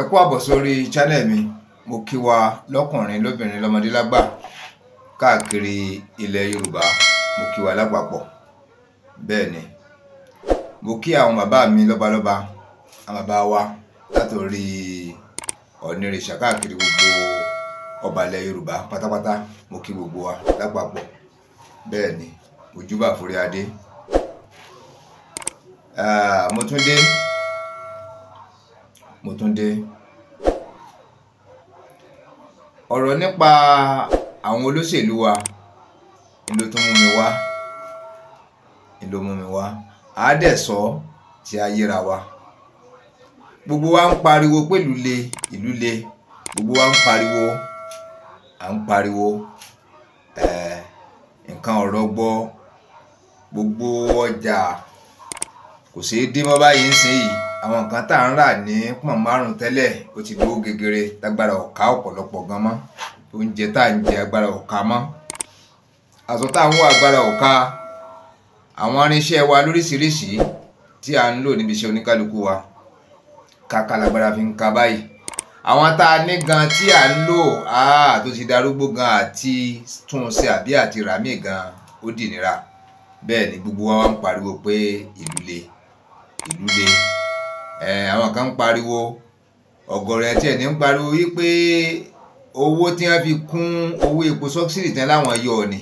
ẹ kú àbọ̀ sórí channel mi mo kí wa lọ́kùnrin lóbìnrin lọ́mọdé lágbà káàkiri ilẹ̀ Yorùbá mo kí wa lápapọ̀ bẹ́ẹ̀ ni mo kí àwọn bàbá mi lọ́balọ́ba àwọn bàbá wa látòrí ọ̀nìrìṣà káàkiri gbogbo ọbalẹ̀ Yorùbá pátápátá mo kí gbogbo wa lápapọ̀ bẹ́ẹ̀ ni ojúbà forí adé mo tún dé mo tún dé. Ọ̀rọ̀ nípa àwọn olóṣèlú wa n ló tún mú mi wá n ló mú mi wá á dẹ̀ sọ tí a yéra wa. Gbogbo wa ń pariwo pé ìlú le ìlú le gbogbo wa ń pariwo à ń pariwo um nǹkan ò rọgbọ gbogbo ọjà kò ṣé dé mọ́ báyìí nísìnyìí àwọn nǹkan tá à ń rà ní pọ̀n márùn-ún tẹ́lẹ̀ ó ti gbówó gegere tágbára ọ̀ka ọ̀pọ̀lọpọ̀ gan mọ́ oúnjẹ tá à ń jẹ agbára ọ̀ka mọ́ aṣọ tá à ń wọ agbára ọ̀ka àwọn irinṣẹ́ wa lóríṣìíríṣìí tí à ń lò níbi iṣẹ́ oníkálukú wa kàkà lágbára fi ń ka báyìí àwọn tá a ní gan tí à ń lò tó ti darúgbó gan àti tún àbí àti ràmí gan ó dì nira bẹ́ẹ̀ ni gbogbo wa ń pariwo pé ìlú le ìlú le. àwọn kan ń pariwo ọ̀gọ̀rọ̀ ẹ̀ tiẹ̀ ní ń pariwo wípé owó tí wọ́n fi kún owó epo sọ́bsìdì tán láwọn yọ ni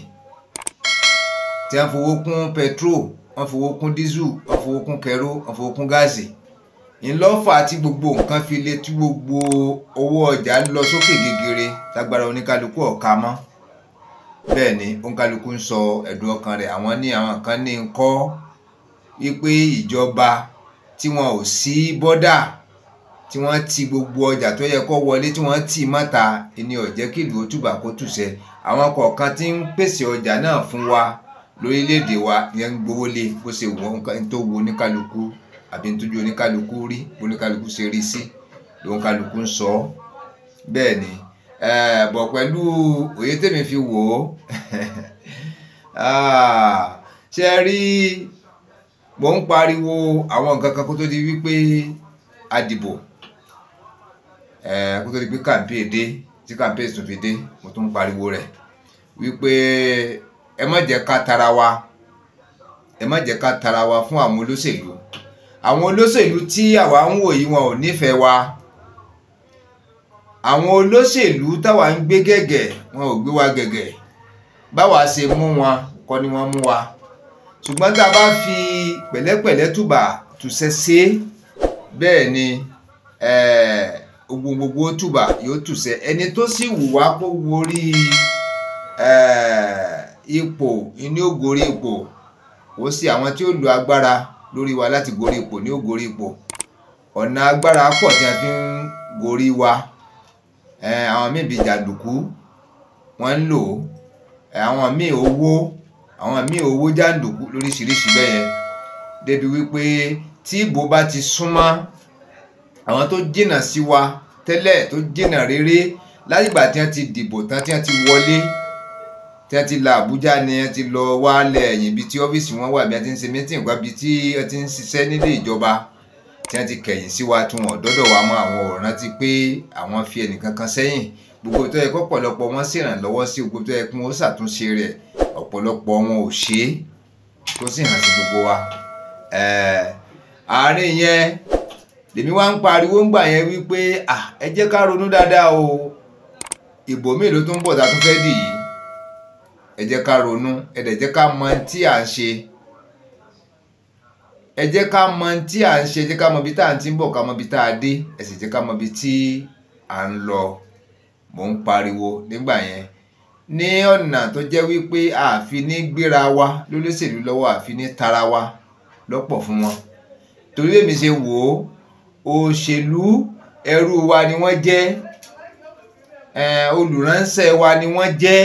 tí wọ́n fowó kún petrol wọ́n fowó kún dísù wọ́n fowó kún kẹró wọ́n fowó kún gáàsì ńlọ́fà tí gbogbo nǹkan fi lé tí gbogbo owó ọjà ń lọ sókè gegere lágbára oníkálukú ọ̀ka mọ́ bẹ́ẹ̀ ni oníkálukú ń sọ ẹ̀dùn ọkàn rẹ̀ àwọn ní àwọn kan ní ń kọ́ wípé ìjọba tí wọn ò sí bọ́dà tí wọ́n ti gbogbo ọjà tó yẹ kó wọlé tí wọ́n ti mọ́ta ẹni ò jẹ́ kí ìlú òtúbà kó tùsẹ̀ àwọn kọ̀ọ̀kan tí ń pèsè ọjà náà fún wa lórílẹ̀‐èdè wa yẹn ń gbowó lé bó ṣe wọ́n ń tó wo oníkálukú àbí ń tójú oníkálukú rí bó oníkálukú ṣe rí sí lóun kálukú ń sọ ọ́ bẹ́ẹ̀ ni bọ̀ pẹ̀lú òye tèmi fi wò ó ah, ṣe rí mò ń pariwo àwọn nǹkan kan kó tó di wípé àdìbò kó tó di pé campaign dé tí campaign tún fi dé mo tún ń pariwo rẹ̀ wípé ẹ má jẹ́ ká tara wa ẹ má jẹ́ ká tara wa fún àwọn olóṣèlú àwọn olóṣèlú tí àwa ń wò yìí wọn ò nífẹ̀ẹ́ wa àwọn olóṣèlú táwa ń gbé gẹ̀gẹ̀ wọn ò gbé wa gẹ̀gẹ̀ báwa ṣe mú wọn kọ́ ni wọ́n mú wa ṣùgbọ́n tá a bá fi pẹ̀lẹ́pẹ̀lẹ́ tùbà tùsẹ̀ ṣe bẹ́ẹ̀ ni ogun gbogbo tùbà yóò tùsẹ̀ ẹni tó sì wù wá kó worí ipò ní ògòrí ipò ó sì àwọn tí ó lo agbára lórí wa láti gorí ipò ní ògòrí ipò ọ̀nà agbára pọ̀ tí a fi ń gorí wa àwọn míì bíi jàǹdùkú wọ́n ń lò àwọn míì owó àwọn míì owó jàǹdùkú lóríṣiríṣi bẹ́ẹ̀ yẹn débi wípé tí ìbò bá ti súnmọ́ àwọn tó jìnnà sí wa tẹ́lẹ̀ tó jìnnà réré látìgbà tí wọ́n ti dìbò tán tí wọ́n ti wọlé tí wọ́n ti la Àbújá ni wọ́n ti lọ wálẹ̀ ẹ̀yìn ibi tí ọ́fíìsì wọn wà bí wọ́n ti ń ṣe mítìǹ wá bí tí wọ́n ti ń ṣiṣẹ́ nílé ìjọba tí wọ́n ti kẹ̀yìn sí wa tí wọ́n wa mọ́ àwọn ọ̀ràn ti pé àwọn fi ẹnìkan sẹ́yìn gbogbo tó yẹ kó wọn si sí gbogbo tó yẹ kó wọn ṣàtúnṣe rẹ̀ ọ̀pọ̀lọpọ̀ wọn ò ṣe é sì hàn sí gbogbo wa. àárín yẹn lèmi wá ń pariwo yẹn wípé ẹ jẹ́ ká ronú dáadáa o ìbò mélòó tó ń bọ̀ fẹ́ dì yìí ẹ jẹ́ ká ronú ẹ dẹ̀ jẹ́ mọ tí à ń ṣe ẹ jẹ́ ká mọ tí à ń ṣe ẹ jẹ́ ká mọ ibi tá à ń ti ń mọ a dé ẹ sì jẹ́ ká mọ tí mò ń pariwo nígbà yẹn ní ọ̀nà tó jẹ́ wípé àfi ní gbéra wa lólóṣèlú lọ́wọ́ àfi ní tara wa lọ́pọ̀ fún wọn torí èmi ṣe wò ó òṣèlú ẹrú wa ni wọ́n jẹ́ olùránṣẹ́ wa ni wọ́n jẹ́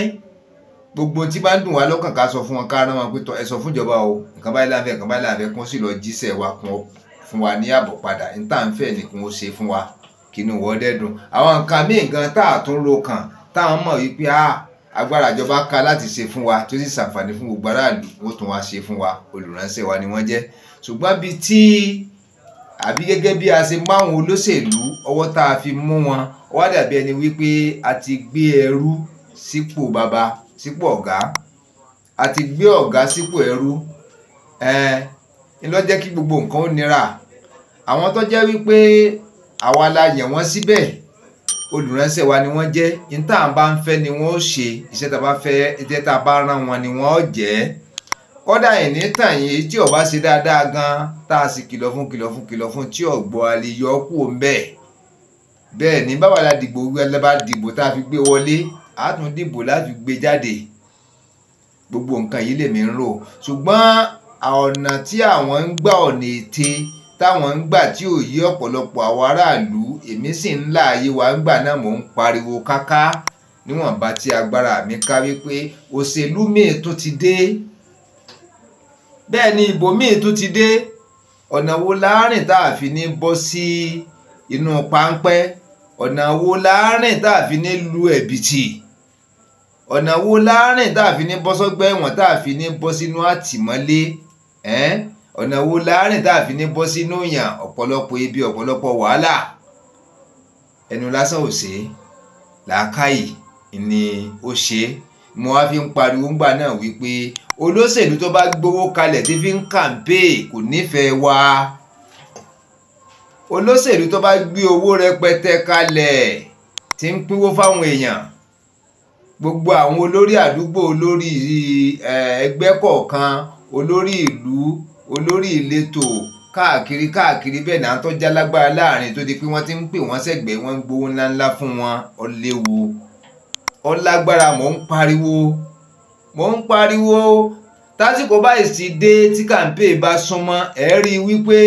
gbogbo tí bá ń dùn wá lọ́kàn ká sọ fún wọn ká rán wọn pé ẹ sọ fún ìjọba o nǹkan báyìí láǹfẹ̀ nǹkan báyìí láǹfẹ̀ kún sí lọ jíṣẹ́ wa fún wa ní ààbò padà ní tàǹfẹ̀ nìkan ó ṣe fún wa kínú wọ́n dẹ́dùn àwọn nǹkan míì gan tá a tún ro kàn tá a mọ̀ wípé a agbára ìjọba ká láti ṣe fún wa tó sì ṣàǹfààní fún gbogbo aráàlú wọ́n tún wá ṣe fún wa olùránṣẹ́ wa ni wọ́n jẹ́ ṣùgbọ́n bíi tí àbí gẹ́gẹ́ bí a ṣe máwọn olóṣèlú ọwọ́ tá a fi mú wọn ó wá dàbí ẹni wípé a ti gbé ẹrú sípò baba sípò ọ̀gá a ti gbé ọ̀gá sípò ẹrú ẹ ń lọ jẹ́ kí gbogbo nǹkan ó nira àwọn tó jẹ́ wípé àwa la yàn wọ́n síbẹ̀ olùránṣẹ́ wa ni wọ́n jẹ́ ní tá à ń bá ń fẹ́ ni wọ́n ó ṣe iṣẹ́ tá a bá fẹ́ iṣẹ́ tá a bá rán wọn ni wọ́n ó jẹ́ kódà ìní tàn yìí tí ó bá ṣe dáadáa gan tá a sì kìlọ̀ fún kìlọ̀ fún kìlọ̀ fún tí ọ̀gbọ́ alẹ́ yọ ọ́ kúrò bẹ́ẹ̀ bẹ́ẹ̀ ni báwa la dìbò bá dìbò tá a fi gbé wọlé a tún dìbò láti gbé jáde gbogbo nǹkan yìí lèmi ń rò ṣùgbọ́n ọ̀nà tí àwọn ń gbà ọ̀nà ète táwọn ń gbà tí ò yí ọ̀pọ̀lọpọ̀ àwọn aráàlú èmi sì ń la àyè wa ń gbà náà mò ń pariwo káká níwọ̀nba tí agbára mi ká wípé òṣèlú míì tó ti dé bẹ́ẹ̀ ni ìbò míì tó ti dé ọ̀nà wo láàárín tá a fi ní bọ́ sí inú páńpẹ́ ọ̀nà wo láàárín tá a fi ní lu ẹ̀bìtì ọ̀nà wo láàárín tá a fi ní bọ́ sọ́gbẹ́ ẹ̀wọ̀n tá a fi ní bọ́ sínú àtìmọ́lé ẹ́n. Eh? ọ̀nà wo láàrin tá a fi ní bọ́ sínú ìyàn ọ̀pọ̀lọpọ̀ ibi ọ̀pọ̀lọpọ̀ wàhálà ẹnu lásán ò ṣe làákàyè ni ó ṣe é mo wá fi ń pariwo ńgbà náà wípé olóṣèlú tó bá gbowó kalẹ̀ tí fi ń kàǹpéè kò nífẹ̀ẹ́ wa olóṣèlú tó bá gbé owó rẹpẹtẹ kalẹ̀ tí ń pínwó fáwọn èèyàn gbogbo àwọn olórí àdúgbò olórí ẹgbẹ́ kọ̀ọ̀kan olórí ìlú olórí ìletò káàkiri káàkiri bẹ́ẹ̀ náà tó já lágbára láàrin tó di pé wọ́n ti ń pè wọ́n sẹ́gbẹ̀ẹ́ wọ́n ń gbowó ńláńlá fún wọn ọléwu ọlágbára mò ń pariwo mò ń pariwo tásìkò báyìí sì dé tí kàńpé bá súnmọ́ ẹ̀ rí i wípé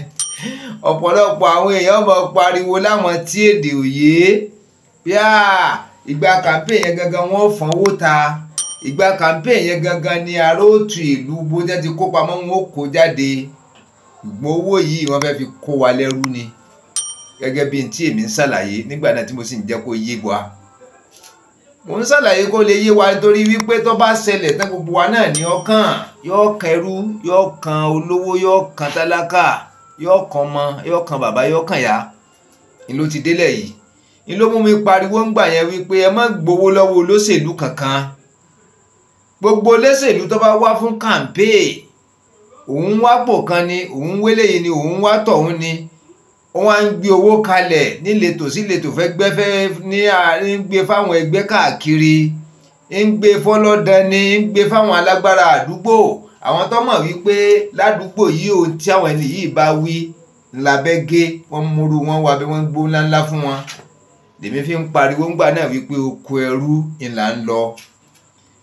ọ̀pọ̀lọpọ̀ àwọn èèyàn mọ̀ pariwo láwọn tí èdè òye bíà ìgbà kàńpé yẹn gangan wọ́n fọ́n wó ta ìgbà campaign yẹn gangan ni aróòtù ìlú bó jẹ́ ti kó pamọ́ wọn ó kó jáde ìgbọ́n owó yìí wọ́n fẹ́ fi kó wa lẹ́rú ni gẹ́gẹ́ bí n tí èmi ń ṣàlàyé nígbà náà tí mo sì ń jẹ́ kó yé wa mo ń ṣàlàyé kó lè yé wa nítorí wípé tó bá ṣẹlẹ̀ tán gbogbo wa náà ní ọkàn yóò kan ẹrú yóò kan olówó yóò kan tálákà yóò kan ọmọ yóò kan bàbá yóò kan yá ni ló ti délẹ̀ yìí ni ló mú mi pariwo ńgbà yẹn wípé ẹ má gbowó lọ́wọ́ olóṣèlú kankan gbogbo olóṣèlú tó bá wá fún campaign òun wá pò kan ni òun wélé yìí ni òun wá tọ̀hún ni wọ́n á ń gbé owó kalẹ̀ níletò síletò fẹ́ gbẹ́fẹ́ ní àárín gbé fáwọn ẹgbẹ́ káàkiri ń gbé fọlọ́dẹni ń gbé fáwọn alágbára àdúgbò àwọn tó mọ̀ wípé ládùúgbò yìí ò tí àwọn ẹni yìí bá wí ńlábẹ́gé wọ́n múru wọn wá bí wọ́n gbó ńláńlá fún wọn lèmi fi ń pariwo ńgbà náà wípé oko ẹrú ìlà ń lọ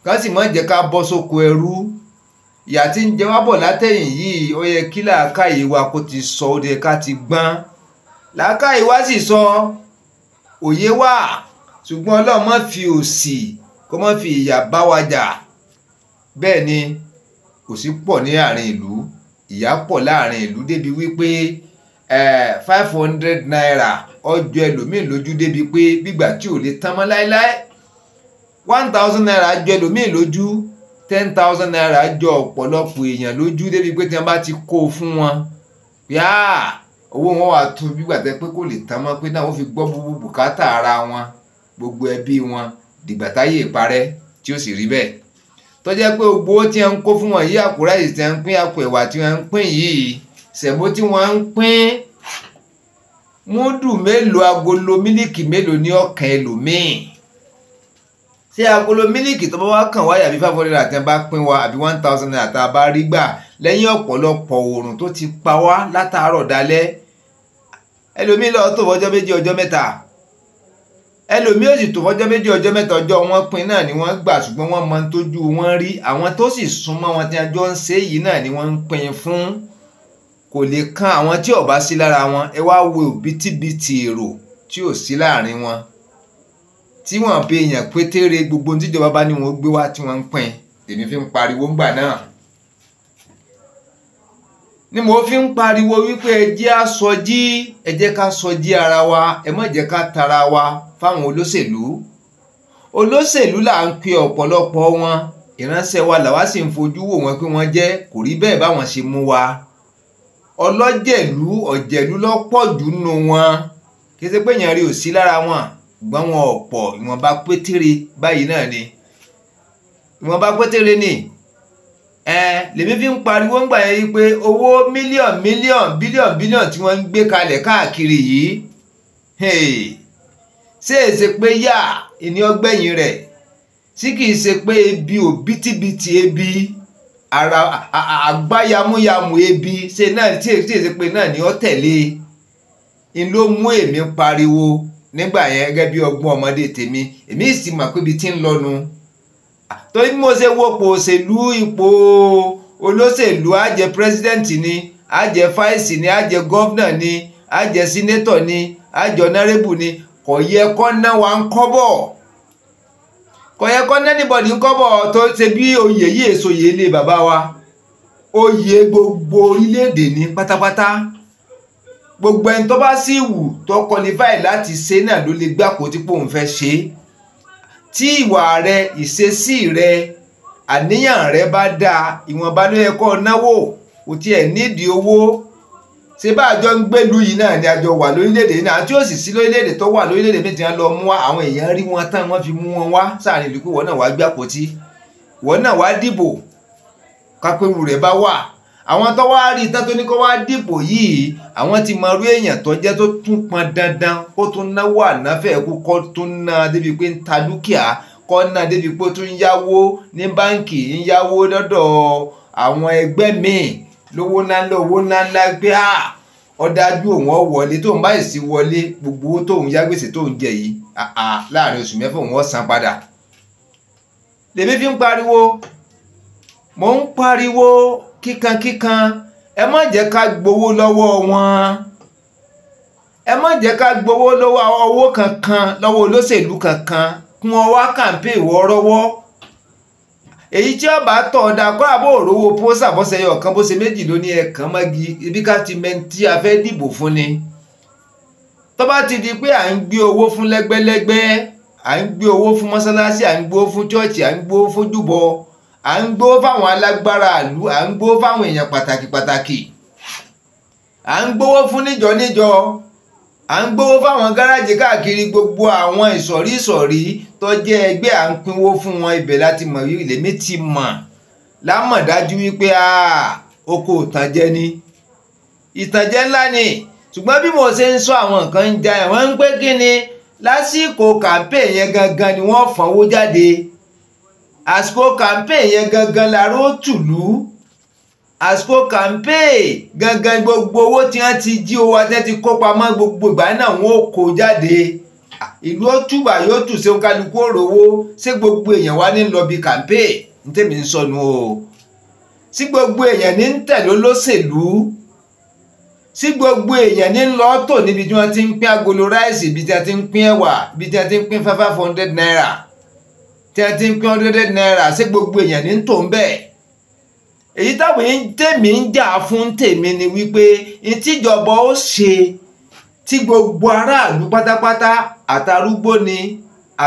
ká sì má jẹ́ ká bọ́ sóko ẹrú ìyà tí ń jẹ wá bọ̀ látẹ̀yìn yìí ó yẹ kí làákàyè wa kó ti sọ ó yẹ ká ti gbọ́n làákàyè wa sì sọ òye wà ṣùgbọ́n ọlọ́run má fi òṣì kó má fi ìyà bá wa jà bẹ́ẹ̀ ni òṣì pọ̀ ní àárín ìlú ìyà pọ̀ láàrin ìlú débi wípé five hundred naira ọjọ́ ẹlòmíín lójú débi pé gbígbà tí ò lè tán mọ́ láéláé one thousand naira jọ ẹlòmíì lójú ten thousand naira jọ ọ̀pọ̀lọpọ̀ èèyàn lójú débi pé tí wọ́n bá ti kó o fún wọn yá owó wọn wà tó bí gbàtẹ́ pé kò lè tán mọ́ pé náà wọ́n fi gbọ́ gbogbo bùkátà ara wọn gbogbo ẹbí wọn dìgbà táyé ìparẹ́ tí ó sì rí bẹ́ẹ̀ tó jẹ́ pé gbogbo ó ti ń kó fún wọn yí àpò ráìsì tí wọ́n ń pín àpò ẹ̀wà tí wọ́n ń pín yìí sẹ̀mó tí wọ́n ń pín múdù mélòó agolo mílíkì mélòó ní ọ̀kan ẹlòmíì ṣé agolo mílíkì tó bá wá kàn wá àbí five hundred àti bá pín wa àbí one thousand naira tá a bá rí gbà lẹ́yìn ọ̀pọ̀lọpọ̀ oòrùn tó ti pa wá látàárọ̀ dalẹ́ ẹlòmíì lọ tó fọjọ́ méjì ọjọ́ mẹ́ta ẹlòmíì ò sì tó fọjọ́ méjì ọjọ́ mẹ́ta ọjọ́ wọn pin náà ni wọ́n gbà ṣùgbọ́n wọ́n mọ tójú wọn rí àwọn tó sì súnmọ́ wọn tí ajọ́ ń ṣe yìí náà ni wọ́n ń pin fún kò lè kan àwọn tí ò bá sí lára wọn ẹ wá wo òbítíbitì èrò tí ò sí láàrin wọn tí wọ́n pe èèyàn pétére gbogbo tíjọba bá ní wọ́n gbé wá tí wọ́n ń pín èmi fi ń pariwo ńgbà náà ni mo fi ń pariwo wípé ẹ jẹ́ á sọjí ẹ jẹ́ ká sọjí ara wa ẹ má jẹ́ ká tara wa fáwọn olóṣèlú olóṣèlú là ń pe ọ̀pọ̀lọpọ̀ wọn ìránṣẹ́ wa làwa sì ń fojú wò wọ́n pé wọ́n jẹ́ kò rí bẹ́ẹ̀ báwọn ṣe mú wa ọlọ́jẹ̀lú ọ̀jẹ̀lú lọ́pọ̀ nù wọn kí ṣe pé èèyàn rí ò lára wọn ṣùgbọ́n wọn ò pọ̀ ìwọ̀nba pétére báyìí náà ni ìwọ̀nba pétére ni ẹ lèmi fi ń pariwo ń gbà yẹn yí pé owó mílíọ̀n mílíọ̀n bílíọ̀n bílíọ̀n tí wọ́n ń gbé kalẹ̀ káàkiri yìí ṣé è ṣe pé yá ìní ọgbẹ́yìn rẹ̀ tí kìí ṣe pé ebi òbítíbitì ebi ara àgbáyamúyamù ebi ṣe náà tí èsì pé náà ni ó tẹ̀lé ń ló mú èmi pariwo. nígbà yẹn gẹ́gẹ́ bí ọgbọ́n ọmọdé tèmi èmi sì mọ̀ pé ibi tí ń lọ́nu torí bí mo ṣe wọ́pọ̀ òṣèlú ipò olóṣèlú àjẹ pírẹsidẹ́ǹtì ni àjẹ fáìsì ni àjẹ gọ́vnà ni àjẹ sínétọ̀ ni aje ọ̀nàrẹ́bù ni kò yẹ kó ná wa ń kọ́bọ̀ kò yẹ kó ná níbọ̀dì ń kọ́bọ̀ tó ṣe bí oyè yìí èso yìí lé bàbá wa oyè gbogbo orílẹ̀-èdè ní pátápátá. gbogbo ẹni tó bá sì wù tó qualify láti ṣe náà ló lè gbà kó tí pò ń fẹ́ ṣe é tí ìwà rẹ ìṣesí rẹ àníyàn rẹ bá dáa ìwọ̀nba ló yẹ kó o náwó kò tiẹ̀ nídìí owó ṣé bá àjọ ń gbèlú yìí náà ni àjọ wà lórílẹ̀ náà tí ó sí lórílẹ̀ tó wà lórílẹ̀ méjì náà lọ mú àwọn èèyàn rí wọn tán wọ́n fi mú wọn wá sáàrin ìlú pé wọ́n náà wá gbé àpótí wọ́n náà wá dìbò kápẹ́rù rẹ̀ bá wà àwọn tó wá rí tán tó ní kó wá dìbò yìí àwọn ti mọ irú èèyàn tó jẹ́ tó tún pọn dandan kó tún náwó ànáfẹ́ kó kó tún ná débi pé ń ta dúkìá kó ná débi pé ó tún ń yáwó ní báǹkì ń yáwó lọ́dọ̀ àwọn ẹgbẹ́ míì lówó ńláńlá owó ńláńlá gbé à ọ̀dájú òun ọ̀ wọlé tóun báyìí sí wọlé gbogbo tóun yá gbèsè tóun jẹ yìí láàrin oṣù mẹ́fà òun ọ̀ san padà lèmi fi ń pariwo mò ń pariwo kíkankíkan ẹ má jẹ́ ká gbowó lọ́wọ́ wọn ẹ má jẹ́ ká gbowó lọ́wọ́ owó kankan lọ́wọ́ olóṣèlú kankan kún ọwá kàǹpé ìwọ́rọ́wọ́ èyí tí ọba tọ̀ ọ̀dà kọ́ra bó òrówó pósà bọ́sẹ̀ yọ kan bó ṣe méjì ló ní ẹ̀kan mọ́gi ibi ká ti mẹ́ni tí a fẹ́ dìbò fún ni tó bá ti di pé à ń gbé owó fún lẹ́gbẹ́lẹ́gbẹ́ à ń gbé owó fún mọ́sálásí à ń gbé owó fún chọ́ọ̀chì à ń gbé owó fún jùbọ́ à ń gbó fáwọn alágbára àlú à ń gbó fáwọn èèyàn pàtàkì pàtàkì à ń gbówó fún níjọ níjọ à ń gbówó fáwọn gáràjì káàkiri gbogbo àwọn ìsọ̀rí ìsọ̀rí tó jẹ́ ẹgbẹ́ à ń pinwó fún wọn ibẹ̀ láti mọ̀ wí lèmi ti mọ̀ lámọ̀dájú wípé oko ìtànjẹ ni ìtànjẹ ńlá ni ṣùgbọ́n bí mo ṣe ń sọ àwọn nǹkan ń ja ẹ̀ wọ́n ń pé kí ni lásìkò kàńpé yẹn gangan ni wọ́n fọ́nwó jáde àsìkò campaign yẹn gangan làrá ó tùlú àsìkò campaign gangan gbogbo owó tí wọ́n ti jí owó àti ti kó pamọ́ gbogbo ìgbà náà wọ́n ó kó jáde ìlú ó túbà yóò tù ṣe kálukú òrówó ṣé gbogbo èèyàn wá ní lọ campaign ní tèmi ń sọnù o sí gbogbo èèyàn ní ń tẹ̀lé olóṣèlú sí gbogbo èèyàn ní lọ́tò níbi tí wọ́n ti ń pín agolo ráìsì ibi tí wọ́n ti ń pín ẹ̀wà ibi tí wọ́n ti ń pín five hundred naira tẹ́tí ń pín hundred naira ṣé gbogbo èèyàn ní tò ń bẹ́ẹ̀ èyí táwọn tèmi ń jà fún tèmi ni wípé ìtìjọba ó ṣe tí gbogbo aráàlú pátápátá àtàrúgbó ni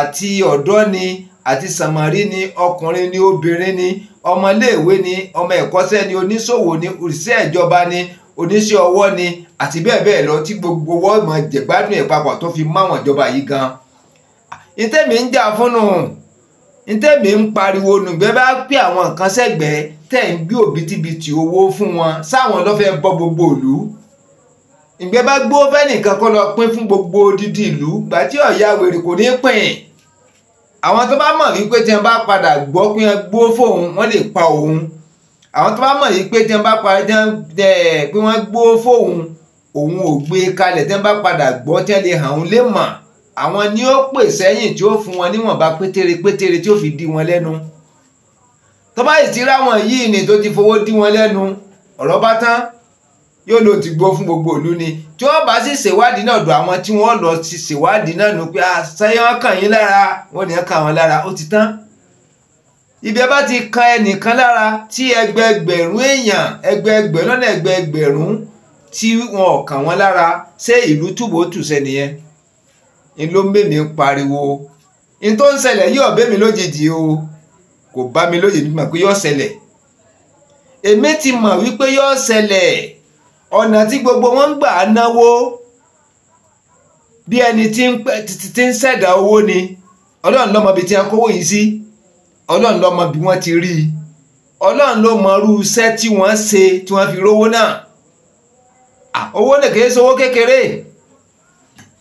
àti ọ̀dọ́ ni àti sàmárì ni ọkùnrin ni obìnrin ni ọmọléèwé ni ọmọ ẹ̀kọ́ṣẹ́ ni oníṣòwò ni òṣìṣẹ́ ìjọba ni oníṣẹ́ ọwọ́ ni àti bẹ́ẹ̀ bẹ́ẹ̀ lọ tí gbogbo wọ́ọ̀mọ̀ jẹ̀gbádùn ẹ̀ papọ̀ tó fi máwọn ìjọba yìí gan. ìtẹ̀mí ń jà fúnnù ntẹ́mi ń pariwo nùgbẹ́ bá pé àwọn nǹkan sẹ́gbẹ̀ẹ́ tẹ̀ ń gbé òbítíbitì owó fún wọn sáwọn ló fẹ́ bọ́ gbogbo ìlú ìgbẹ́ bá gbó fẹ́nìkan kọ́ lọ pín fún gbogbo odidi ìlú gbà tí ọ̀ya wèrè kò ní pín àwọn tó bá mọ̀ wípé tí wọ́n bá padà gbọ́ pé wọ́n gbó fóun wọ́n lè pa òun àwọn tó bá mọ̀ wípé tí wọ́n bá padà pé wọ́n gbó fóun òun ò gbé kalẹ̀ tí wọ́n bá padà gbọ́ tí wọ́n lè hàn òun lè mọ̀ àwọn ni ó pè sẹ́yìn tí ó fún wọn níwọ̀nba pétére pétére tí ó fi di wọn lẹ́nu tó bá sì ti ráwọn yìí ni tó ti fowó di wọn lẹ́nu ọ̀rọ̀ bá tán yóò lò ti gbó fún gbogbo ìlú ni tí wọ́n bá sì ṣèwádìí náà dùn àwọn tí wọ́n lọ sí ṣèwádìí náà nù pé àṣẹyìn wọn yín lára wọ́n ní kàn wọ́n lára ó ti tán ibi ẹ bá ti kan ẹnìkan lára tí ẹgbẹẹgbẹ̀rún èèyàn ẹgbẹẹgbẹ̀rún lọ́nà ẹgbẹẹgbẹ̀rún tí wọn ò kàn lára ṣé ìlú túbọ̀ tù sẹ́niyẹn. n ló mèmí pariwo n tó ń ṣẹlẹ̀ yóò bẹ́ mi lójijì o kò bá mi lójijì mọ̀ pé yóò ṣẹlẹ̀ èmi ti mọ̀ wípé yóò ṣẹlẹ̀ ọ̀nà tí gbogbo wọn gba gbà náwó bí ẹni tí ń ṣẹ̀dá owó ni ọlọ́run ló ma ibi tí a kówó yìí sí ọlọ́run ló ma bí wọ́n ti rí i ọlọ́run ló mọ irú iṣẹ́ tí wọ́n ṣe tí wọ́n fi rówó náà owó nìkan owó kékeré.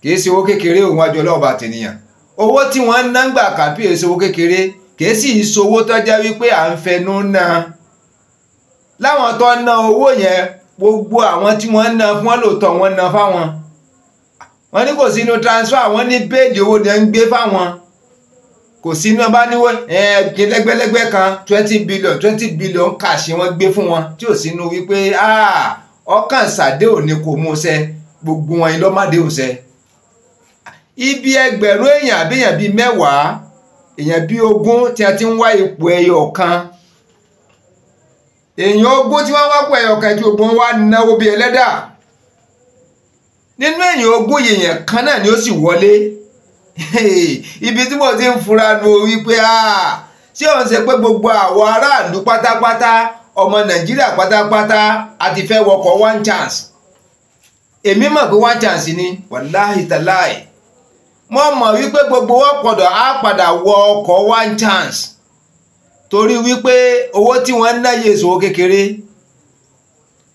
kì í ṣe owó kékeré òun wájú ọlọ́ọ̀bà tènìyàn owó tí wọ́n ń náǹgbà kàbí èso owó kékeré kì í sì í sowó tọ́já wípé à ń fẹnu ná láwọn tó ná owó yẹn gbogbo àwọn tí wọ́n ná fún wọn lóòótọ́ wọ́n ná fáwọn wọ́n ní kò sínú transfer wọ́n ní béèlì owó ni ẹ ń gbé fáwọn kò sínú ọba níwọ ẹgbẹlẹgbẹ kan twenty billion twenty billion cash wọ́n gbé fún wọn tí ò sínú wípé ọkàn sàdéhùn ni kò mú ṣẹ gbogbo wọn lọ́mọdéhùn ṣẹ. ibi ẹgbẹ̀rún èèyàn àbí èèyàn bíi mẹ́wàá èèyàn bíi ogún tí a ti ń wá ipò ẹyọ kan èèyàn ogún tí wọ́n wá pọ̀ ẹyọ kan ogun wá ẹlẹ́dà nínú èèyàn ogún èèyàn kan náà ni ó sì wọlé ibi tí mo ń fura nu wípé ṣé òun ṣe pé gbogbo aráàlú pátápátá ọmọ nàìjíríà pátápátá a ti fẹ́ wọkọ̀ one chance èmi mọ̀ one chance ni mo mọ̀ wípé gbogbo wọn pọ̀dọ̀ á padà wọ ọkọ̀ one chance torí wípé owó tí wọ́n ń ná yé ìṣòwò kékeré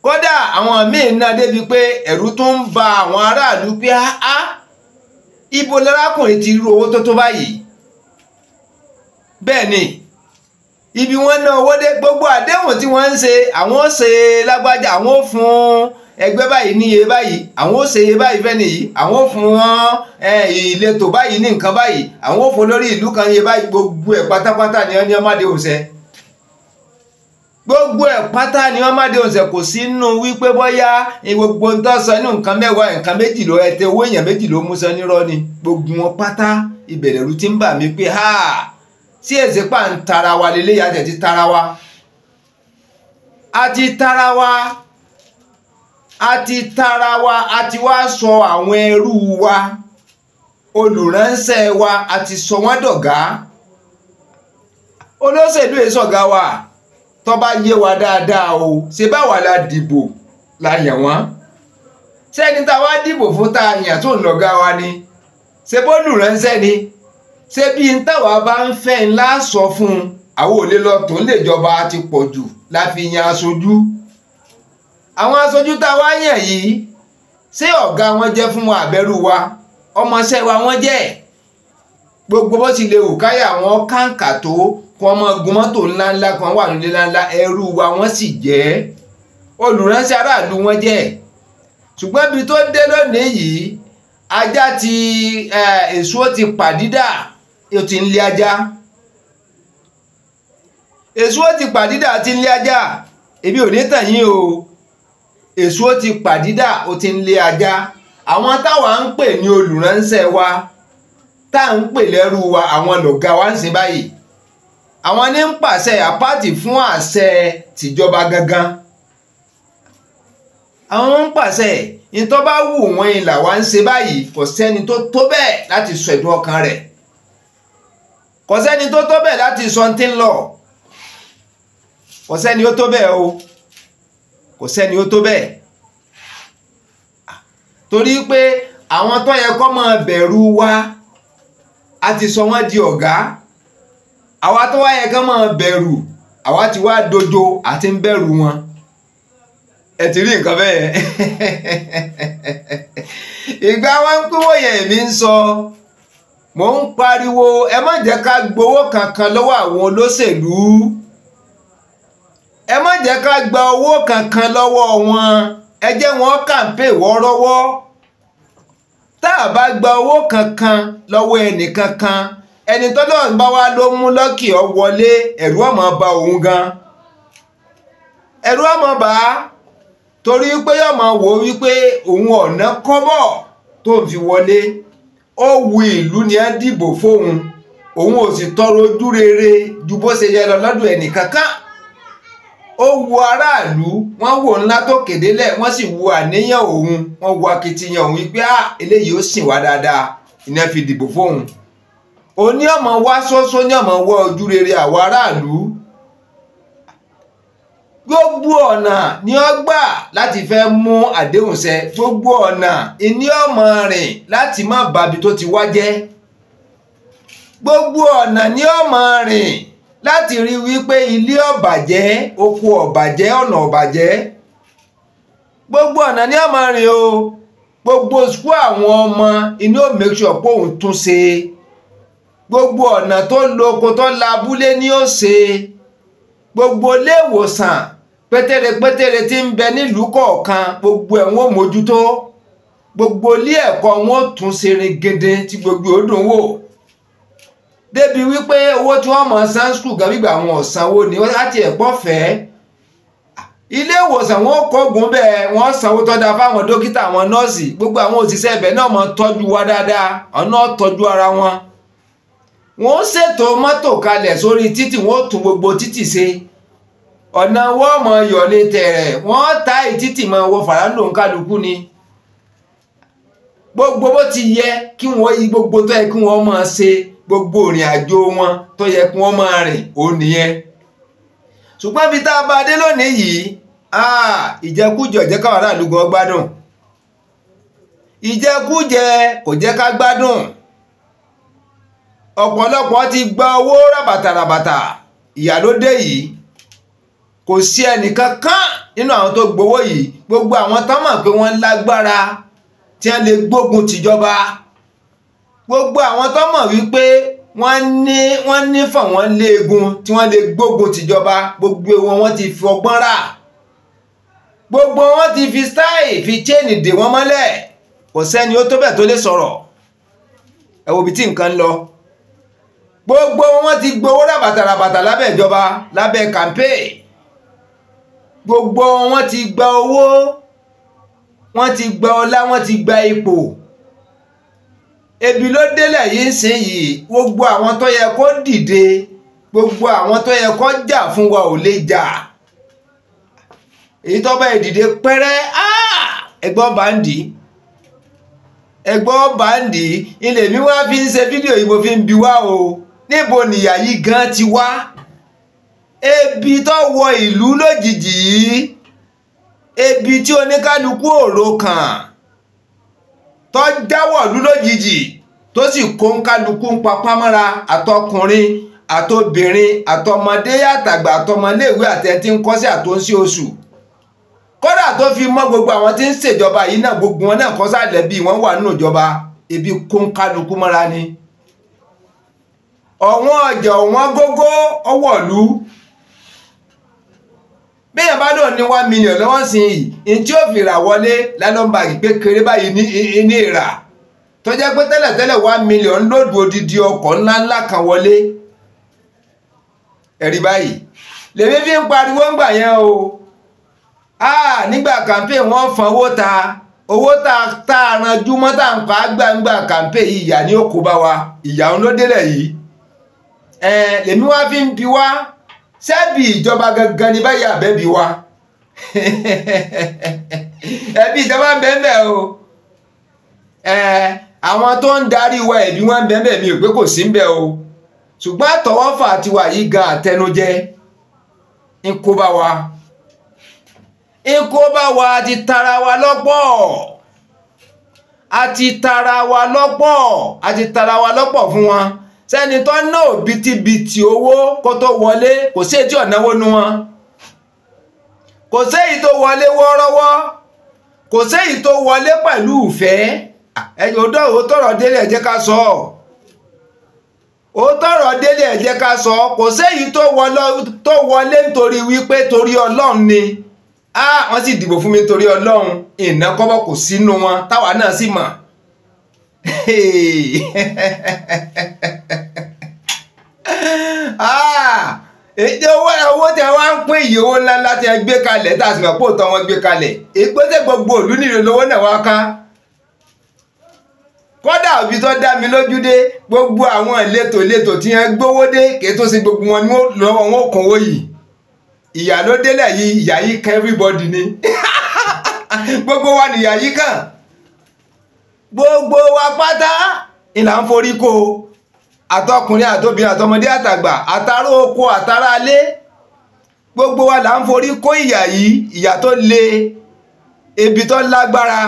kódà àwọn míín náà débi pé ẹ̀rù tó ń ba àwọn aráàlú pé á ibo lárákùnrin ti rú owó tó tó báyìí bẹ́ẹ̀ ni ibi wọn ná owó dé gbogbo àdéhùn tí wọn ń ṣe àwọn ṣe lágbájá àwọn fún un ẹgbẹ́ báyìí ní iye báyìí àwọn ó ṣe iye báyìí fẹ́ nìyí àwọn ó fún wọn ìletò báyìí ní nǹkan báyìí àwọn ó fún lórí ìlú kan iye báyìí gbogbo ẹ̀ pátápátá ni wọ́n ní ọmọdé òṣẹ gbogbo ẹ̀ pátá ni wọ́n máde òṣẹ kò sí nínú wípé bóyá gbogbo ń tọ́ sọ inú nǹkan mẹ́wàá nǹkan méjì ló ẹtẹ owó èèyàn méjì ló mú sọ nírọ́ ni gbogbo wọn pátá ìbẹ̀rẹ̀ rú ti ń bà mí pé ha sí èsì pà ń tara wa lélẹ́yà tẹ̀ ti tara wa a ti tara wa a ti tara wa a ti wá sọ àwọn ẹrú wa olùránṣẹ́ wa a ti sọ wọ́n dọ̀gá olóṣèlú èsọ̀gá wa tó bá yé wa dáadáa o ṣe báwa la dìbò la yàn wọ́n sẹ́ni tá a wá dìbò fún tá a yàn tó ń lọ́gá wa ni ṣe bó lùránṣẹ́ ni ṣe bí n táwa bá ń fẹ́ ńlá sọ fún un àwọn ò lè jọba ti pọ̀ jù la fi yan aṣojú àwọn aṣojú tá a wá yàn yìí ṣé ọ̀gá wọn jẹ́ fún wọn àbẹ́rù wa ọmọọṣẹ́ wa wọ́n jẹ́ gbogbo bó ti lè wù káyà wọn kàǹkà tó kí wọ́n máa gun mọ́tò ńláńlá kí wọ́n wà nílé ńláńlá ẹrú wa wọ́n sì jẹ́ olùránṣẹ́ aráàlú wọn jẹ́ ṣùgbọ́n ibi tó dé lónìí yìí ajá ti èso ti pàdídà ó ti ń lé ajá èso ti pàdídà ti ń lé ajá èmi ò ní tàn yín o èṣù ó ti pàdídà ó ti ń lé ajá àwọn táwa ń pè ní olùránṣẹ́ wa tá à ń pè lẹ́rú wa àwọn lọ̀gá wa ń sìn báyìí àwọn ní ń pàṣẹ àpáàtì fún àṣẹ tìjọba gangan àwọn ń pàṣẹ ìtọ́ bá wù wọ́n ìlà wa ń ṣe báyìí kò sẹ́ni tó tó bẹ́ẹ̀ láti sọ ẹ̀dùn ọkàn rẹ̀ kò sẹ́ni tó tó bẹ́ẹ̀ láti sọ ní tí ń lọ kò sẹ́ni ó tó bẹ́ẹ̀ o kò sẹ́ni ó tó bẹ́ẹ̀ torí pé àwọn tó yẹ kó máa bẹ̀rù wa a ti sọ wọ́n di ọ̀gá àwa tó wá yẹ kó máa bẹ̀rù àwa ti wá dojo àti ń bẹ̀rù wọn ẹ ti rí nǹkan bẹ́ẹ̀ ìgbà wọn ń pínwó yẹn mi ń sọ mò ń pariwo ẹ má jẹ́ ká gbowó kankan lọ́wọ́ àwọn olóṣèlú. ẹ má jẹ́ ká gba owó kankan lọ́wọ́ wọn ẹ jẹ́ wọn kàǹpé wọ́ọ́rọ́wọ́ tá a bá gba owó kankan lọ́wọ́ ẹnì kankan ẹni tọ́lọ́ bá wá ló mú lọ́kì ọ wọlé ẹ̀rú ọmọ ba òun gan ẹ̀rú ọmọ bá torí pé ọmọ wò wípé òun ọ̀nà kọ́bọ̀ tó fi wọlé ó wu ìlú ni á dìbò fóun òun ò sì tọrọ ojú rere ju bó ṣe yẹ lọ lọ́dọ̀ ẹnì kankan. ó wo aráàlú wọ́n wò ńlá tó kédélẹ̀ wọ́n sì wo àníyàn òun wọ́n wo akitiyan òun pé ah eléyìí ó sìn wá dáadáa iná fi dìbò fóun òní ọmọ wá sọ́sọ́ ní ọmọ wá ojú rere àwọn aráàlú gbogbo ọ̀nà ni ó gbà láti fẹ́ mú àdéhùn ṣẹ gbogbo ọ̀nà ìní ọmọ rìn láti má bàbí tó ti wá jẹ́ gbogbo ọ̀nà ni ọmọ rìn láti rí wípé ilé ọ̀bàjẹ́ oko ọ̀bàjẹ́ ọ̀nà ọ̀bàjẹ́ gbogbo ọ̀nà ni ọmọ rìn o gbogbo sukú àwọn ọmọ inú ò make sure pé òun tún ṣe gbogbo ọ̀nà tó lo oko tó la abúlé ni ó ṣe gbogbo ilé ìwòsàn pétérepétére tí ń bẹ nílùú kọ̀ọ̀kan gbogbo ẹ̀ wọ́n mójútó gbogbo ilé ẹ̀kọ́ wọn tún ṣe rin gidi tí gbogbo ó dùn wò. débi wípé owó tí wọ́n mọ̀ san skul gan gbígbà àwọn ọ̀sánwó ni wọ́n láti ẹ̀pọ̀ fẹ́ẹ́ ilé ìwòsàn wọn kọgùn bẹ́ẹ̀ wọ́n sanwó tọ́da fáwọn dókítà àwọn nọ́ọ̀sì gbogbo àwọn òṣìṣẹ́ ibẹ̀ náà mọ̀ tọ́jú wa dáadáa ọ̀nà tọ́jú ara wọn wọ́n ṣètò mọ́tò kalẹ̀ sórí títì wọ́n tún gbogbo títì ṣe ọ̀nà wọ́n mọ̀ yọ̀lé tẹ̀rẹ̀ wọ́n ta ìtítì mọ̀ wọ fàràǹdò ń kálukú ni gbogbo bó ti yẹ kí wọ́n yí gbogbo tó yẹ kí wọ́n mọ̀ ṣe gbogbo ìrìn àjò wọn tó yẹ kí wọ́n máa rìn òun nìyẹn ṣùgbọ́n ibi tá a bá dé lónìí yìí ah, ìjẹkújẹ jẹ́ káwọn aráàlú gan gbádùn ìjẹkújẹ kò jẹ́ ká gbádùn ọ̀pọ̀lọpọ̀ ti gba owó ràbàtàràbàtà ìyàlódé yìí kò sí ẹnìkan nínú àwọn tó gbowó yìí gbogbo àwọn tán mọ̀ pé wọ́n lágbára tí wọ́n lè gbógun tìjọba gbogbo àwọn tó mọ̀ wípé wọ́n ní wọ́n ní fọ̀ wọ́n léegun tí wọ́n lè gbógun tìjọba gbogbo wọn wọ́n ti fi ọgbọ́n rà gbogbo wọn ti fi stáì fi chéènì dè wọ́n mọ́lẹ̀ kò sẹ́ni ó tó bẹ̀ tó lè sọ̀rọ̀ ẹ wo ibi tí nǹkan ń lọ gbogbo wọn ti gbowó ràbàtà ràbàtà lábẹ́ ìjọba lábẹ́ campaign gbogbo wọn ti gba owó wọn ti gba ọlá wọn ti gba ipò ebi ló délẹ̀ yìí ń sìn yìí gbogbo àwọn tó yẹ kó dìde gbogbo àwọn tó yẹ kó jà fún wa ò lè jà èyí tó bá yẹ dìde pẹ́rẹ́ ẹgbọ́n bá ń dì í ẹgbọ́n bá ń dì í ilé mi wá fi ń ṣe fídíò yìí mo fi ń bi wá o níbo nìyà yìí gan ti wá ebi tó wọ ìlú lójijì yìí ebi tí oníkálukú òrò kàn. tó jáwọ̀lú lójijì tó sì kó ń kálukú ń papá mọ́ra àtọkùnrin àtobìnrin àtọmọdé àtàgbà àtọmọléèwé àtẹ̀tí ń kọ́sẹ́ àtúnṣe oṣù kódà tó fi mọ́ gbogbo àwọn tí ń ṣèjọba yìí náà gbogbo wọn náà kọ́sẹ́ lẹ́bi wọ́n wà nínú ìjọba ebi kó ń kálukú mọ́ra ni ọ̀wọ́n ọjà ọ̀wọ́n gógó ọwọ́lú bẹ́ẹ̀ bá náà ní one million lọ́wọ́ sí yìí ní tí ó fi rà wọlé pé kéré báyìí ní ìrà tó jẹ́ pé tẹ́lẹ̀tẹ́lẹ̀ one million lóòdù odidi ọkọ̀ ńláńlá kan wọlé ẹ̀rí báyìí lèmi fi ń pariwo ń o nígbà campaign wọ́n fan owó ta owó mọ́ tá à ń wa yìí lèmi fi ń bi ṣebí ìjọba gangan ni báyìí àbẹ́bí wa ẹbí ìjọba ń bẹ́ẹ̀ o àwọn tó ń darí wa ẹ̀bí wọn ń bẹ́ẹ̀ mi ò pé kò sí ń bẹ́ẹ̀ o ṣùgbọ́n àtọwọ́fà tiwa yìí gan àtẹnujẹ ń kó bá wa ń kó bá wa ti tara wa lọ́pọ̀ a ti tara wa lọ́pọ̀ a ti tara wa lọ́pọ̀ fún wọn. sẹ́ni tó ń ná òbítíbitì owó kó tó wọlé kò sí ètí ọ̀náwó nu wọn kò séyìí tó wọlé wọ́ọ́rọ́wọ́ kò séyìí tó wọlé pẹ̀lú ìfẹ́ ẹ̀yìn odò òótọ́rọ̀ délé ẹ ká sọ ọ́ òótọ́rọ̀ délé ẹ jẹ́ ká sọ ọ́ kò séyìí tó wọlé nítorí wípé torí ọlọ́run ni wọ́n sì dìbò fún mi torí ọlọ́run ìnákọ́bọ̀ kò sínú wọn táwa náà sì mọ̀ Ah! èdè owó owó tẹ ń pín iye owó ńlá ńlá tẹ kalẹ̀ tá a sì mọ̀ pé òótọ́ wọn gbé kalẹ̀ ìgbésẹ̀ gbogbo òlú nílò lówó náà wá ká kódà òbí tó dá mi lójú dé gbogbo àwọn ìletò tí wọn gbówó dé kí tó gbogbo wọn lọ́wọ́ wọn kàn wó yìí ìyá ló délẹ̀ yìí ìyá yìí kan ni gbogbo wa nìyá yìí kàn. gbogbo wa pátá ìlà ń forí kó àtọkùnrin àtobìnrin àtọmọdé àtàgbà àtará oko àtará alé gbogbo wa là ń forí kó ìyà yìí ìyà tó le ebi tó lágbára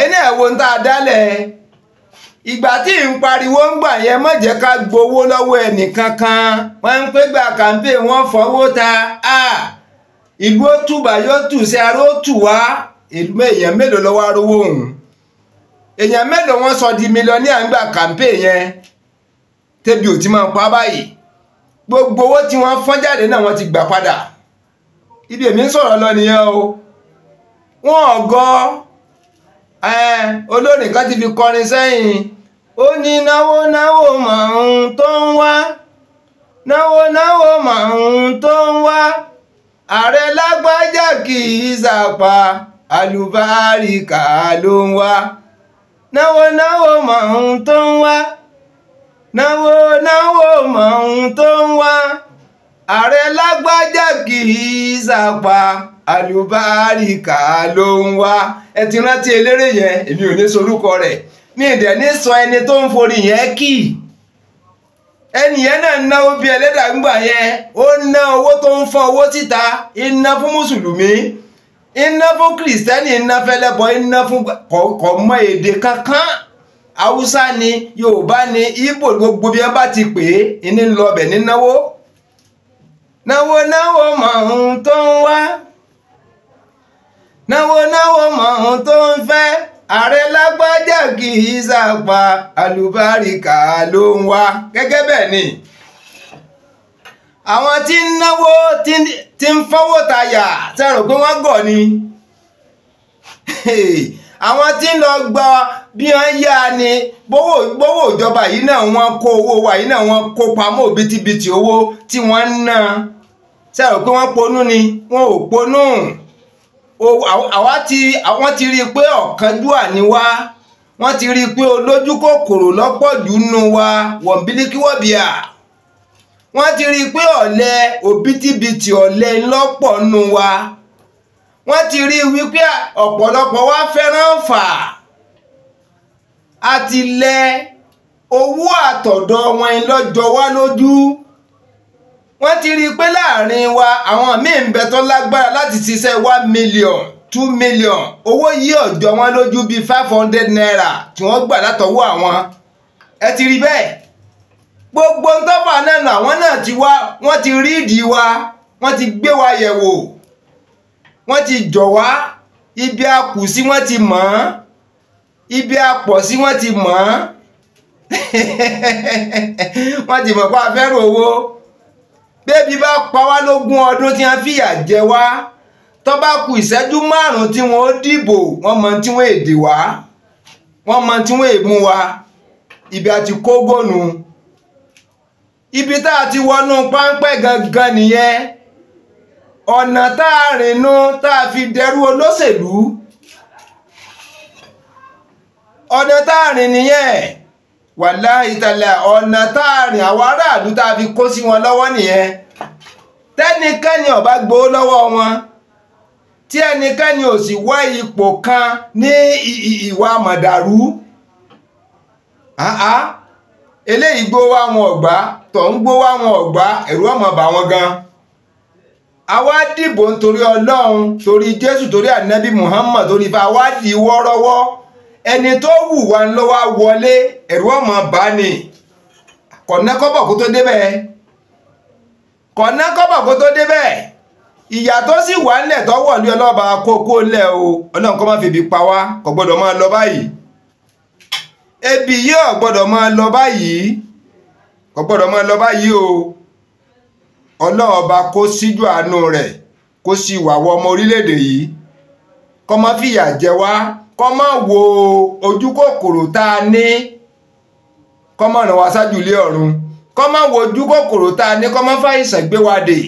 ẹni ẹ̀wọ̀n tá a dálẹ̀ ìgbà tí ń pariwo ń gbà yẹn má jẹ́ ká gbowó lọ́wọ́ ẹnìkankan wọ́n ń pé gbà kàńpé wọ́n fọwọ́ ta ìlú ó tùbà yóò tù sí ara ó tù wá èèyàn mélòó ló wá rówó òun èèyàn mélòó wọn sọ di mílíọ̀nìà ń gbà kàńpé yẹn tẹ́bi ò ti máa pa báyìí gbogbo owó tí wọ́n fọ́n jáde náà wọ́n ti gbà padà ibi èmi ń sọ̀rọ̀ lọ nìyẹn o wọ́n ọ̀gọ́ olórin kan ti fi kọrin sẹ́yìn ó ní náwó náwó màrún tó ń wá náwó náwó màrún tó ń wá ààrẹ lágbájá kì í sàpà. alubarika ló ń wá náwó náwó mọ̀ tó ń wá náwó náwó tó ń wá ààrẹ lágbájá kì í sàpà ló ń wá ẹ ti rántí eléré yẹn èmi ò ní rẹ̀ ní ì ní sọ yẹn kì í náà náwó yẹn ó ná owó tó ń owó iná fún kìrìsìtẹ́nì iná fẹ́lẹ́bọ iná fún kọ̀ mọ́ èdè kankan haúsá ni yorùbá ni ìgbò gbogbo bí ẹ bá ti pè é ní lọbẹ̀ nínáwó náwó náwó mọ̀ ohun tó ń wá náwó náwó mọ̀ ohun tó ń fẹ́ ààrẹ lágbájá kì í sàpà àlùbáríkà ló ń wá gẹ́gẹ́ bẹ́ẹ̀ ni. àwọn tí ń náwó tí ń fọwọ́ tayà sẹ́rò pé wọ́n gọ̀ ni àwọn tí ń lọ gba bí wọ́n yá ni gbówó ìjọba yìí náà wọ́n kó owó wa yìí náà wọ́n kó pamọ́ òbítíbitì owó tí wọ́n ń ná sẹ́rò pé wọ́n ponú ni wọ́n ò ponú àwọn ti rí i pé ọ̀kánjúà ni wá wọ́n ti rí i pé olójú kòkòrò lọ́pọ̀ jù nù wa wọ̀nbílíkíwọ̀bíà wọ́n ti rí i pé ọ̀lẹ òbítíbitì ọ̀lẹ ńlọ́pọ̀ nù wa wọ́n ti rí i wípé ọ̀pọ̀lọpọ̀ wa fẹ́ràn fà á ti lẹ owó àtọ̀dọ̀ wọn lọ́jọ́ wá lójú wọ́n ti rí i pé láàrin wa àwọn míì ń bẹ tó lágbára láti ṣiṣẹ́ one million two million owó yìí ọ̀jọ̀ wọn lójú bíi five hundred naira tí wọ́n gbà látọwọ́ àwọn ẹ ti rí bẹ́ẹ̀ gbogbo ń tọ́fà náà nù àwọn náà ti wá wọ́n ti rí ìdí wọ́n ti gbé wa yẹ̀wò wọ́n ti jọ̀ wá ibi a sí wọ́n ti mọ̀ ọ́n ibi a sí wọ́n ti mọ̀ ọ́n wọ́n ti mọ̀ pé fẹ́ràn owó bébí bá pa wá lógún ọdún tí wọ́n fìyà jẹ wá tó bá kù ìṣẹ́jú márùn-ún tí wọ́n dìbò wọ́n mọ tí wọ́n èdè wá wọ́n mọ tí wọ́n èmú wa ibi a ti ibi tá a ti wọnú páńpẹ́ gangan nìyẹn ọ̀nà tá a rìnnú tá a fi dẹrú olóṣèlú ọ̀nà tá a rìn nìyẹn wàláhì tàlà ọ̀nà tá a rìn àwọn aráàlú tá a fi kó sí wọn lọ́wọ́ nìyẹn tẹ́nikẹ́ni ò bá lọ́wọ́ wọn tí ẹnikẹ́ni ò sì wá ipò kan ní ìwà mọ̀dàrú eléyìí gbowó àwọn ọ̀gbá tọ̀ ń gbó wọn ọ̀gbá ọmọ bà wọn gan dìbò nítorí torí jésù torí ànábì muhammad torí ifá wa dì ẹni tó wù wá ń wọlé ọmọ ni kọ̀nẹ́kọ́bọ̀ kó tó débẹ̀ kọ̀nẹ́kọ́bọ̀ kó tó débẹ̀ sì wà ní lẹ̀ o kò gbọ́dọ̀ mọ́ lọ báyìí o ọlọ́ọ̀ba kó síjú àánú rẹ̀ kó sì wàwọ ọmọ orílẹ̀-èdè yìí kó má fìyà jẹ wá kó má wo ojú kòkòrò tá a ní kó má ràn wá sájú ilé ọ̀run kó má wo ojú kòkòrò tá a ní kó má fàìsàn gbé wa dè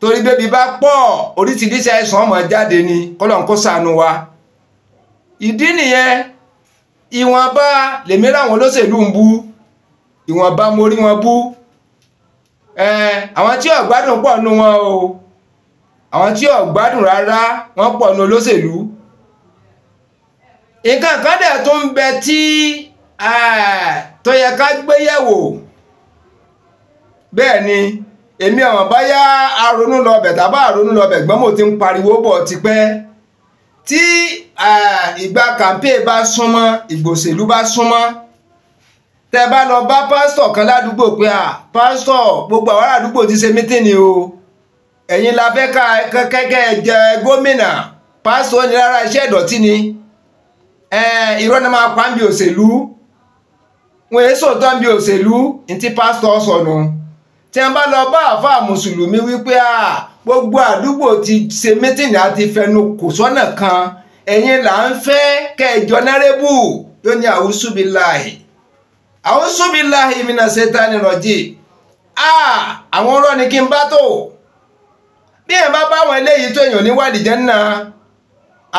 torí bébí bá pọ̀ oríṣiríṣi àìsàn ọmọ jáde ni kọ́lọ́n kó ṣàánú wa ìdí nìyẹn ìwọ̀nba lèmi ráwọn olóṣèlú ń bú ìwọ̀nba mo rí wọn bú àwọn tí ò gbádùn pọ̀ nù wọn o àwọn tí ò gbádùn rárá wọ́n pọ̀ nù olóṣèlú nǹkan kan dẹ̀ tó ń bẹ tí tó yẹ ká gbéyẹ̀wò bẹ́ẹ̀ ni èmi ọ̀hún báyá aronú lọbẹ̀ tàbá aronú lọbẹ̀ gbọ́n mo ti ń pariwo bọ̀ tipẹ́ tí ìgbà kàmpé bá súnmọ́ ìgbòsèlú bá súnmọ́ tẹ bá lọ bá pásítọ̀ kan ládùúgbò pé à pásítọ̀ gbogbo àwọn àdúgbò ti ṣe mítìnì o ẹ̀yin la fẹ́ ká kẹ́kẹ́ jẹ gómìnà pásítọ̀ ní rárá iṣẹ́ ìdọ̀tí ni irọ́ ni máa pa ń bi òṣèlú wọn èyí sòótọ́ ń bi òṣèlú ní ti pásítọ̀ sọnù tí wọn bá lọ bá àáfàá mùsùlùmí wípé à gbogbo àdúgbò ti ṣe mítìnì àti fẹnu kò sọ́nà kan ẹ̀yin là ń fẹ́ kẹ́ jọ́nẹ́rẹ́bù yóò ní àwùsùbí láì a'udhu billahi minash shaitani rajim àwọn ọ̀rọ̀ ni kí n bá tó bí ẹ̀ bá bá àwọn eléyìí tó èèyàn níwádìí jẹ́ ńnà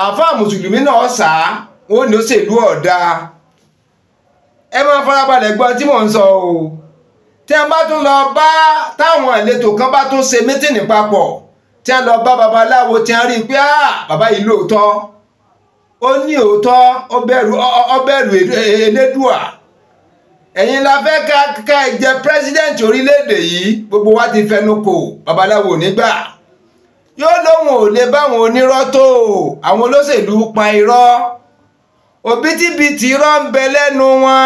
àáfàá mùsùlùmí náà sá wọn ò ní ó ṣèlú ọ̀dà ẹ máa farabalẹ̀ gbọ́ tí mò ń sọ o tí a bá tún lọ bá táwọn ìletò kan bá tún ṣe mítìnì papọ̀ tí a lọ bá babaláwo tí a rí i pé bàbá yìí lóòótọ́ ó ní òótọ́ ó bẹ̀rù elédùà ẹ̀yin la fẹ́ ká ká ẹ jẹ pírẹsidẹ́ǹtì orílẹ̀-èdè yìí gbogbo wa ti fẹnu kò babaláwo nígbà yóò lóun ò lè báwọn onírọ́ tó àwọn olóṣèlú pa irọ́ òbítíbitì irọ́ ń bẹ lẹ́nu wọn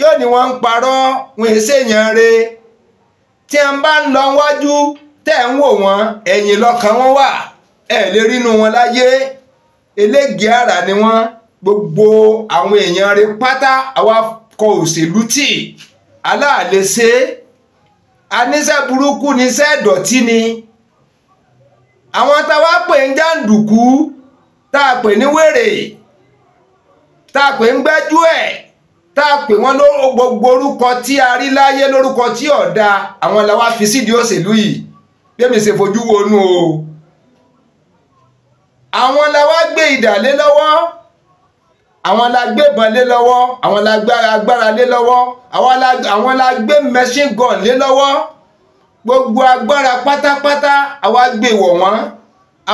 yóò ní wọ́n ń parọ́ wọn è ṣèyàn re tí wọ́n bá ń lọ wájú tẹ̀ ń wò wọ́n ẹ̀yìn lọ́kàn wọn wà ẹ̀ lè rínú wọn láyé eléègì àrà ni wọ́n gbogbo àwọn èèyàn rẹ̀ pátá àwa kọ òṣèlú tì aláàlẹ ṣe aníṣẹ́ burúkú níṣẹ́ ìdọ̀tí ni àwọn táwa pè ń jàǹdùkú tá a pè ní wèrè tá a pè ń gbẹ́jú ẹ̀ tá a pè wọ́n gbogbo orúkọ tí a rí láyé lórúkọ tí ọ̀dà àwọn làwa fi sídìí òṣèlú yìí bí èmi ṣe fojú wonú o àwọn làwa gbé ìdàlẹ́ lọ́wọ́ àwọn la gbébọn lé lọ́wọ́ àwọn la gbára agbára lé lọ́wọ́ àwọn la gbé machine gun lé lọ́wọ́ gbogbo agbára pátápátá àwa gbé wọ̀ wọ́n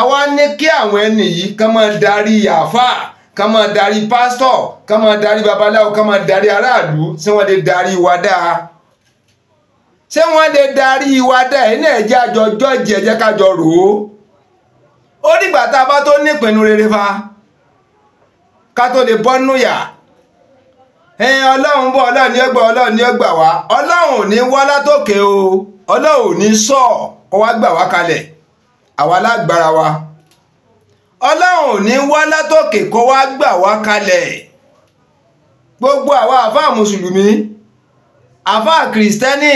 àwa ní kí àwọn ẹni yìí kàn máa darí àáfàá kàn máa darí pásítọ̀ kàn máa darí babaláwo kàn máa darí aráàlú ṣé wọ́n lè darí wa dáa ṣé wọ́n lè darí wa dáa ẹ̀ náà ẹ̀jẹ̀ àjọ ọjọ́ ìjì ẹ̀jẹ̀ kájọ rò ó ó dìgbà tá a bá tó nípinnu rere fa ká tó lè bọ́ núyà ọlọ́run bọ̀ ọlọ́run ni ó gbà ọlọ́run ni ó gbà wá ọlọ́run ò ní wá látòkè o ọlọ́run ò ní sọ kó wá gbà wá kalẹ̀ àwa lágbára wa ọlọ́run ò ní wá látòkè kó wá gbà wá kalẹ̀ gbogbo àwa àfáà mùsùlùmí àfáà kìrìsìtẹ́nì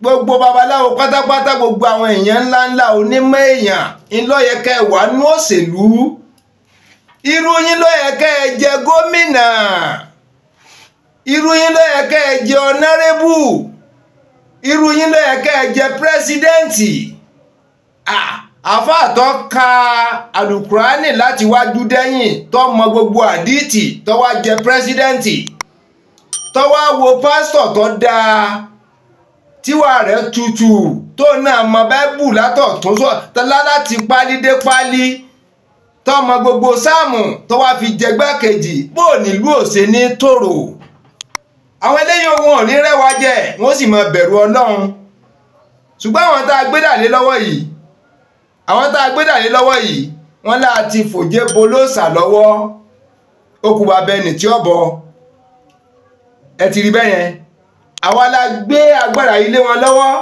gbogbo babaláwo pátápátá gbogbo àwọn èèyàn ńláńlá onímọ̀ èèyàn ńlọ́yẹ̀kẹ́ wà nú òṣèlú irú yín ló yẹ kẹ́ ẹ jẹ gómìnà irú yín ló yẹ kẹ́ ẹ jẹ ọ̀nàrẹ́bù irú yín ló yẹ kẹ́ ẹ jẹ pírẹ́sídẹ́ǹtì àfáà tó ka alukurani láti wájú dẹ́yìn tó mọ gbogbo àdìtì tó wá jẹ pírẹ́sídẹ́ǹtì tó wá wo pásítọ̀ tó dáa tíwà rẹ̀ tutù tó náà mọ bẹ́ẹ̀ bù látọ̀ tó sọ láti pálí dé pálí tọmọ gbogbo sáàmù tó wá fi jẹgbákejì bó nílùú òsè ní tòrò àwọn eléyìí wọn ò ní rẹwà jẹ wọn sì máa bẹ̀rù Ọlọ́run ṣùgbọ́n àwọn tá a gbé dàlé lọ́wọ́ yìí àwọn tá a gbé dàlé lọ́wọ́ yìí wọ́n láà fòjé bolóòsà lọ́wọ́ okùn bàbá ẹnì tí ọ̀bọ ẹ ti rí bẹ́yẹn àwa la gbé agbára ilé wọn lọ́wọ́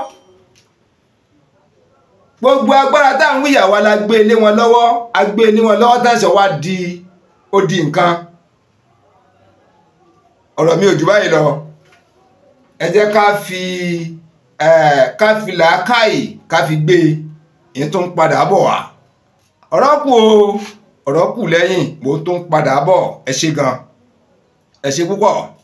gbogbo agbára tá à ń wíyà wa la gbé lé wọn lọ́wọ́ a gbé lé wọn lọ́wọ́ tẹ̀sán wa di ó nǹkan ọ̀rọ̀ mi ò jù báyìí lọ ẹ jẹ́ ká fi ká fi làákàyè ká fi gbé e. ìyẹn tó ń padà bọ̀ wá ọ̀rọ̀ kù o ọ̀rọ̀ kù lẹ́yìn mo tó ń padà bọ̀ ẹ ṣé gan ẹ ṣé púpọ̀.